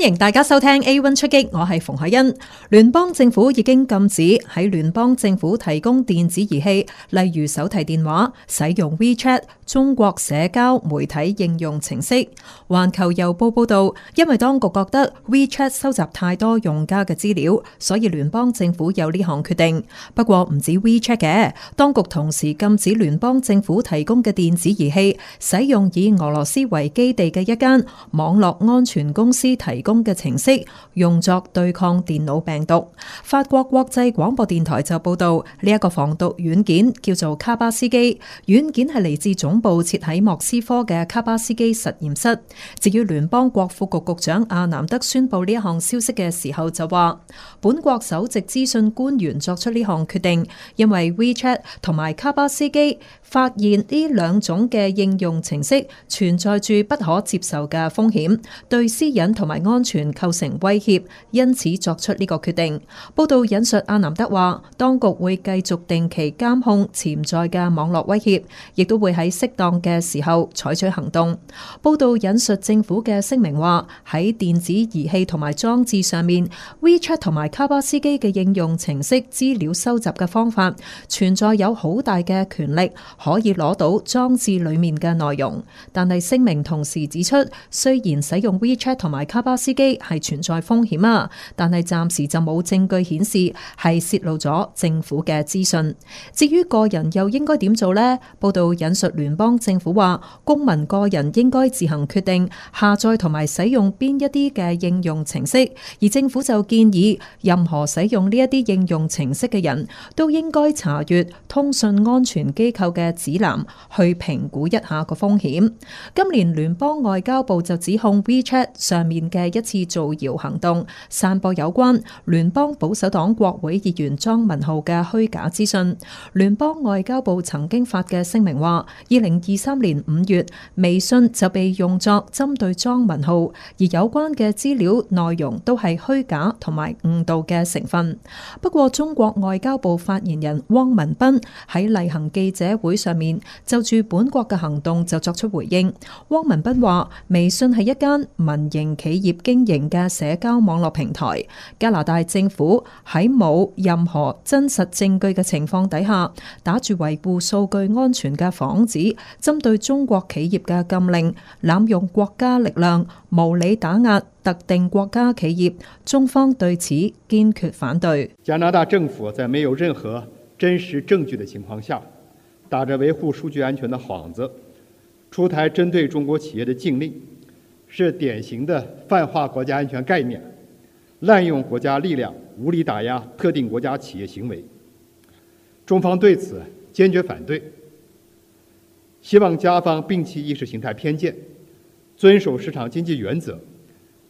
歡迎大家收聽 A One 出擊，我係馮凱欣。聯邦政府已經禁止喺聯邦政府提供電子儀器，例如手提電話使用 WeChat 中國社交媒體應用程式。環球郵報報道，因為當局覺得 WeChat 收集太多用家嘅資料，所以聯邦政府有呢項決定。不過唔止 WeChat 嘅，當局同時禁止聯邦政府提供嘅電子儀器使用以俄羅斯為基地嘅一間網絡安全公司提供嘅程式，用作對抗電腦病毒。法國國際廣播電台就報道呢一個防毒軟件叫做卡巴斯基，軟件係嚟自總部設喺莫斯科嘅卡巴斯基實驗室。至於聯邦國庫局局長阿南德宣布呢一項消息嘅時候就話，本國首席資訊官員作出呢項決定，因為 WeChat 同埋卡巴斯基發現呢兩種嘅應用程式存在住不可接受嘅風險，對私隱同埋安。安全構成威脅，因此作出呢個決定。報道引述阿南德話，當局會繼續定期監控潛在嘅網絡威脅，亦都會喺適當嘅時候採取行動。報道引述政府嘅聲明話，喺電子儀器同埋裝置上面，WeChat 同埋卡巴斯基嘅應用程式資料收集嘅方法存在有好大嘅權力，可以攞到裝置裡面嘅內容。但係聲明同時指出，雖然使用 WeChat 同埋卡巴斯機係存在風險啊，但係暫時就冇證據顯示係泄露咗政府嘅資訊。至於個人又應該點做呢？報道引述聯邦政府話，公民個人應該自行決定下載同埋使用邊一啲嘅應用程式，而政府就建議任何使用呢一啲應用程式嘅人都應該查閱通訊安全機構嘅指南，去評估一下個風險。今年聯邦外交部就指控 WeChat 上面嘅一一次造謠行動，散播有關聯邦保守黨國會議員莊文浩嘅虛假資訊。聯邦外交部曾經發嘅聲明話，二零二三年五月，微信就被用作針對莊文浩，而有關嘅資料內容都係虛假同埋誤導嘅成分。不過，中國外交部發言人汪文斌喺例行記者會上面就住本國嘅行動就作出回應。汪文斌話，微信係一間民營企業。經營嘅社交網絡平台，加拿大政府喺冇任何真實證據嘅情況底下，打住維護數據安全嘅幌子，針對中國企業嘅禁令，濫用國家力量，無理打壓特定國家企業，中方對此堅決反對。加拿大政府在沒有任何真實證據的情況下，打着維護數據安全的幌子的的的，出台針對中國企業的禁令。是典型的泛化國家安全概念，濫用國家力量，無理打壓特定國家企業行為。中方對此堅決反對，希望加方摒棄意識形態偏見，遵守市場經濟原則，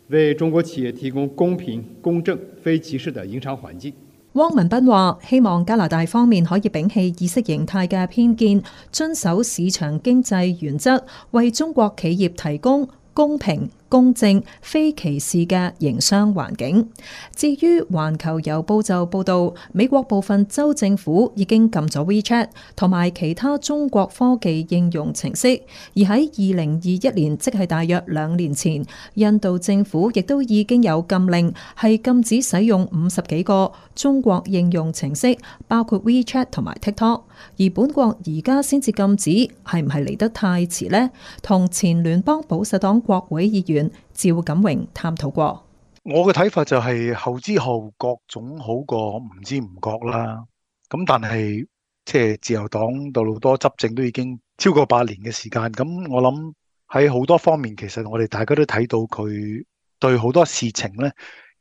為中國企業提供公平、公正、非歧視的營商環境。汪文斌話，希望加拿大方面可以摒棄意識形態嘅偏見，遵守市場經濟原則，為中國企業提供。公平。公正、非歧視嘅營商環境。至於《環球郵報》就報道，美國部分州政府已經禁咗 WeChat 同埋其他中國科技應用程式。而喺二零二一年，即係大約兩年前，印度政府亦都已經有禁令，係禁止使用五十幾個中國應用程式，包括 WeChat 同埋 TikTok。而本國而家先至禁止，係唔係嚟得太遲呢？同前聯邦保守黨國會議員趙錦榮探討過，我嘅睇法就係後知後覺總好過唔知唔覺啦。咁但係即係自由黨杜魯多執政都已經超過八年嘅時間，咁我諗喺好多方面，其實我哋大家都睇到佢對好多事情呢，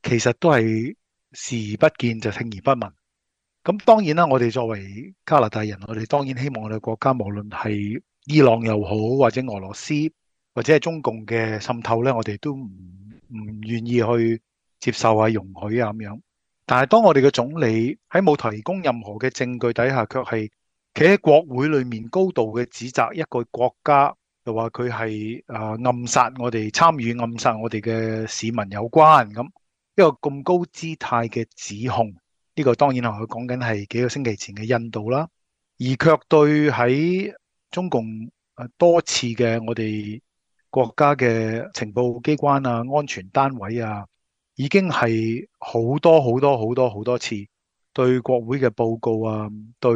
其實都係視而不見就聽而不聞。咁當然啦，我哋作為加拿大人，我哋當然希望我哋國家無論係伊朗又好或者俄羅斯。或者係中共嘅滲透咧，我哋都唔唔願意去接受啊、容許啊咁樣。但係當我哋嘅總理喺冇提供任何嘅證據底下，卻係企喺國會裡面高度嘅指責一個國家，又話佢係誒暗殺我哋、參與暗殺我哋嘅市民有關。咁一個咁高姿態嘅指控，呢個當然係佢講緊係幾個星期前嘅印度啦，而卻對喺中共多次嘅我哋，國家嘅情報機關啊、安全單位啊，已經係好多好多好多好多次對國會嘅報告啊、對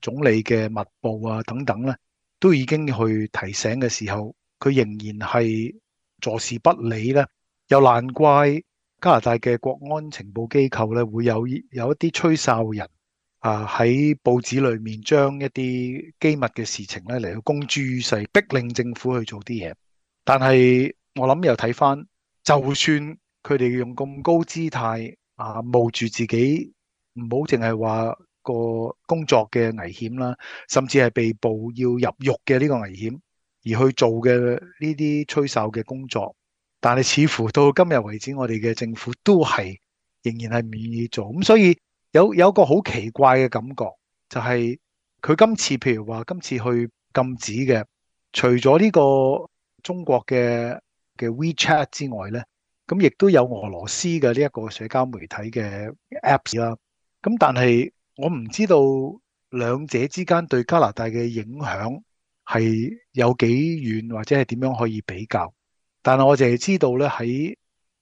總理嘅密報啊等等咧，都已經去提醒嘅時候，佢仍然係坐視不理咧，又難怪加拿大嘅國安情報機構咧會有有一啲吹哨人啊喺報紙裡面將一啲機密嘅事情咧嚟到公諸於世，逼令政府去做啲嘢。但係我諗又睇翻，就算佢哋用咁高姿態啊，冒住自己唔好淨係話個工作嘅危險啦，甚至係被捕要入獄嘅呢個危險而去做嘅呢啲吹哨嘅工作，但係似乎到今日為止，我哋嘅政府都係仍然係唔願意做，咁所以有有個好奇怪嘅感覺，就係佢今次譬如話今次去禁止嘅，除咗呢、這個。中國嘅嘅 WeChat 之外咧，咁亦都有俄羅斯嘅呢一個社交媒體嘅 Apps 啦。咁但係我唔知道兩者之間對加拿大嘅影響係有幾遠，或者係點樣可以比較。但係我淨係知道咧，喺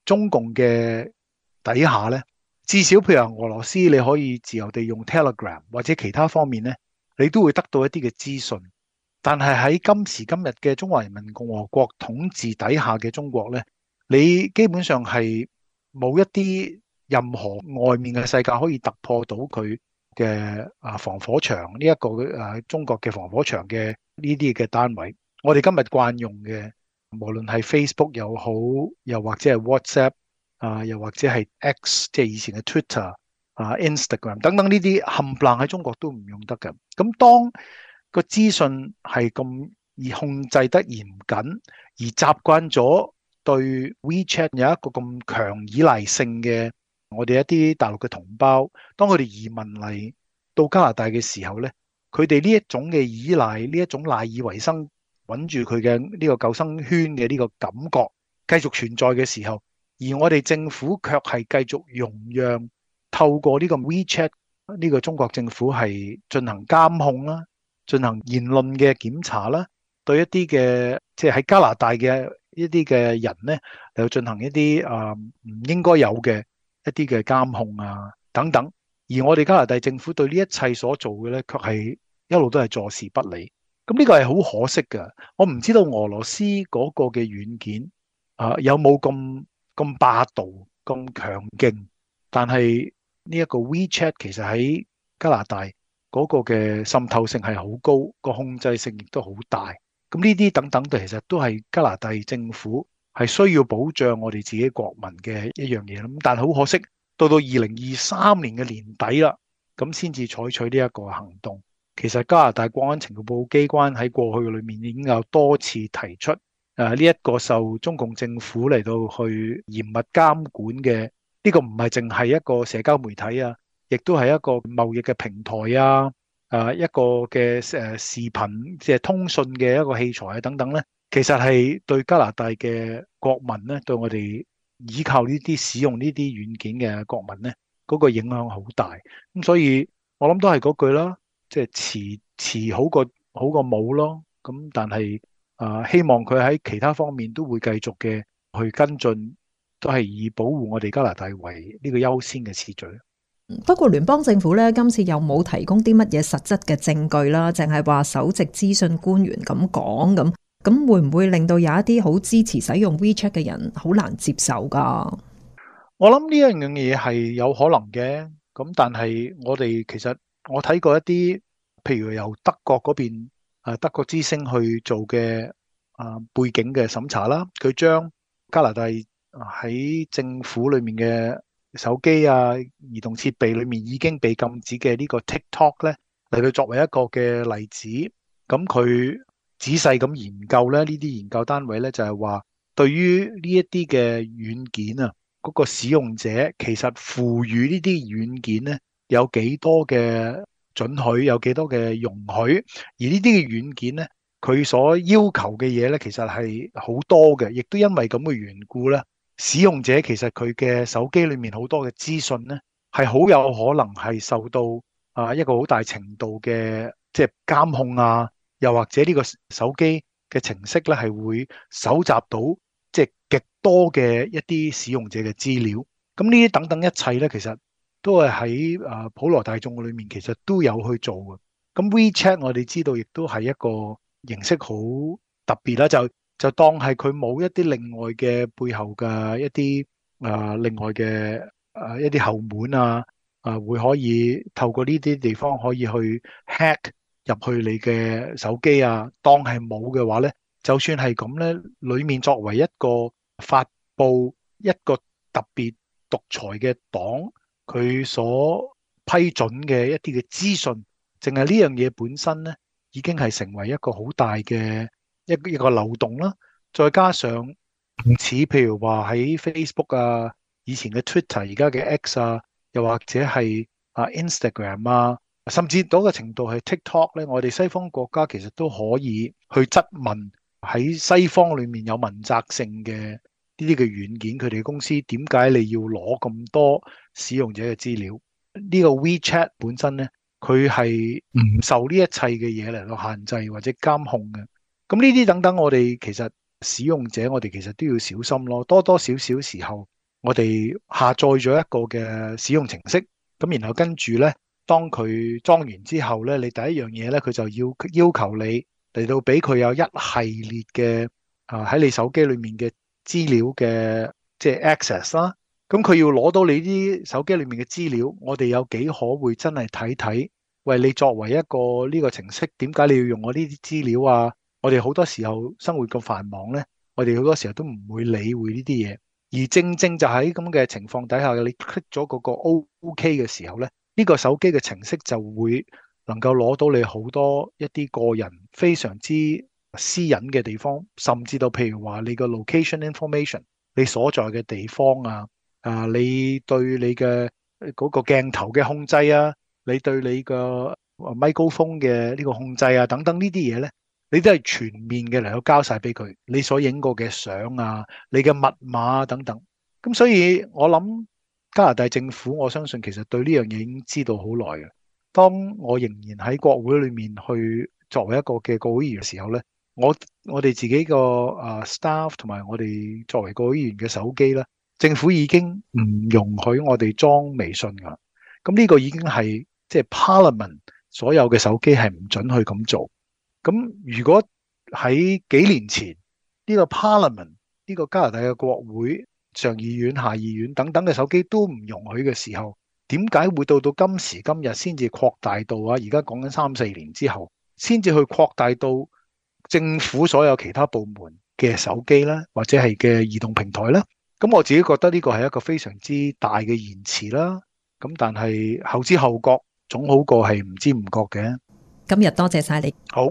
中共嘅底下咧，至少譬如話俄羅斯你可以自由地用 Telegram 或者其他方面咧，你都會得到一啲嘅資訊。但係喺今時今日嘅中華人民共和國統治底下嘅中國咧，你基本上係冇一啲任何外面嘅世界可以突破到佢嘅啊防火牆，呢一個中國嘅防火牆嘅呢啲嘅單位。我哋今日慣用嘅，無論係 Facebook 又好，又或者係 WhatsApp 啊，又或者係 X 即係以前嘅 Twitter 啊、Instagram 等等，呢啲冚唪唥喺中國都唔用得嘅。咁當個資訊係咁而控制得嚴謹，而習慣咗對 WeChat 有一個咁強依賴性嘅，我哋一啲大陸嘅同胞，當佢哋移民嚟到加拿大嘅時候咧，佢哋呢一種嘅依賴，呢一種賴以為生，揾住佢嘅呢個救生圈嘅呢個感覺繼續存在嘅時候，而我哋政府卻係繼續容讓透過呢個 WeChat 呢個中國政府係進行監控啦。進行言論嘅檢查啦，對一啲嘅即係喺加拿大嘅一啲嘅人咧，又進行一啲啊唔應該有嘅一啲嘅監控啊等等。而我哋加拿大政府對呢一切所做嘅咧，卻係一路都係坐視不理。咁呢個係好可惜㗎。我唔知道俄羅斯嗰個嘅軟件啊有冇咁咁霸道、咁強勁，但係呢一個 WeChat 其實喺加拿大。嗰個嘅滲透性係好高，個控制性亦都好大。咁呢啲等等，其實都係加拿大政府係需要保障我哋自己國民嘅一樣嘢。咁但係好可惜，到到二零二三年嘅年底啦，咁先至採取呢一個行動。其實加拿大國安情報機關喺過去裏面已經有多次提出，誒呢一個受中共政府嚟到去嚴密監管嘅呢個唔係淨係一個社交媒體啊。亦都係一個貿易嘅平台啊，一個嘅誒視頻即係通訊嘅一個器材啊等等咧，其實係對加拿大嘅國民咧，對我哋依靠呢啲使用呢啲軟件嘅國民咧，嗰個影響好大。咁所以我諗都係嗰句啦，即係遲遲好過好過冇咯。咁但係啊，希望佢喺其他方面都會繼續嘅去跟進，都係以保護我哋加拿大為呢個優先嘅次序。不過聯邦政府咧，今次又冇提供啲乜嘢實質嘅證據啦，淨係話首席資訊官員咁講咁，咁會唔會令到有一啲好支持使用 WeChat 嘅人好難接受噶？我諗呢一樣嘢係有可能嘅，咁但係我哋其實我睇過一啲，譬如由德國嗰邊誒德國之聲去做嘅啊背景嘅審查啦，佢將加拿大喺政府裏面嘅。手機啊，移動設備裡面已經被禁止嘅呢個 TikTok 咧，嚟佢作為一個嘅例子。咁佢仔細咁研究咧，呢啲研究單位咧就係話，對於呢一啲嘅軟件啊，嗰個使用者其實賦予呢啲軟件咧有幾多嘅準許，有幾多嘅容許。而呢啲嘅軟件咧，佢所要求嘅嘢咧，其實係好多嘅，亦都因為咁嘅緣故咧。使用者其實佢嘅手機裏面好多嘅資訊咧，係好有可能係受到啊一個好大程度嘅即係監控啊，又或者呢個手機嘅程式咧係會搜集到即係極多嘅一啲使用者嘅資料。咁呢啲等等一切咧，其實都係喺啊普羅大眾裏面其實都有去做嘅。咁 WeChat 我哋知道亦都係一個形式好特別啦，就。就當係佢冇一啲另外嘅背後嘅一啲、啊、另外嘅、啊、一啲後門啊，啊會可以透過呢啲地方可以去 hack 入去你嘅手機啊。當係冇嘅話咧，就算係咁咧，裏面作為一個發布一個特別獨裁嘅黨，佢所批准嘅一啲嘅資訊，淨係呢樣嘢本身咧，已經係成為一個好大嘅。一個一個漏洞啦，再加上唔似譬如話喺 Facebook 啊，以前嘅 Twitter，而家嘅 X 啊，又或者係啊 Instagram 啊，甚至到一個程度係 TikTok 咧，我哋西方國家其實都可以去質問喺西方裏面有問責性嘅呢啲嘅軟件，佢哋公司點解你要攞咁多使用者嘅資料？呢個 WeChat 本身咧，佢係唔受呢一切嘅嘢嚟到限制或者監控嘅。咁呢啲等等，我哋其實使用者，我哋其實都要小心咯。多多少少時候，我哋下載咗一個嘅使用程式，咁然後跟住咧，當佢裝完之後咧，你第一樣嘢咧，佢就要要求你嚟到俾佢有一系列嘅啊喺你手機裏面嘅資料嘅即係 access 啦。咁佢要攞到你啲手機裏面嘅資料，我哋有幾可會真係睇睇？喂，你作為一個呢個程式，點解你要用我呢啲資料啊？我哋好多時候生活咁繁忙咧，我哋好多時候都唔會理會呢啲嘢，而正正就喺咁嘅情況底下，你 click 咗嗰個 O.K. 嘅時候咧，呢個手機嘅程式就會能夠攞到你好多一啲個人非常之私隱嘅地方，甚至到譬如話你個 location information，你所在嘅地方啊，啊，你對你嘅嗰個鏡頭嘅控制啊，你對你個咪高峰嘅呢個控制啊，等等呢啲嘢咧。你都係全面嘅嚟到交晒俾佢。你所影過嘅相啊，你嘅密碼啊等等。咁所以，我諗加拿大政府，我相信其實對呢樣嘢已經知道好耐嘅。當我仍然喺國會裏面去作為一個嘅國會議員嘅時候咧，我我哋自己個、uh, staff 同埋我哋作為國會議員嘅手機咧，政府已經唔容許我哋裝微信噶啦。咁呢個已經係即係、就是、Parliament 所有嘅手機係唔准去咁做。咁如果喺幾年前呢、呢個 parliament 呢個加拿大嘅國會，上議院、下議院等等嘅手機都唔容許嘅時候，點解會到到今時今日先至擴大到啊？而家講緊三四年之後先至去擴大到政府所有其他部門嘅手機啦，或者係嘅移動平台呢。咁我自己覺得呢個係一個非常之大嘅延遲啦。咁但係後知後覺總好過係唔知唔覺嘅。今日多謝晒你。好。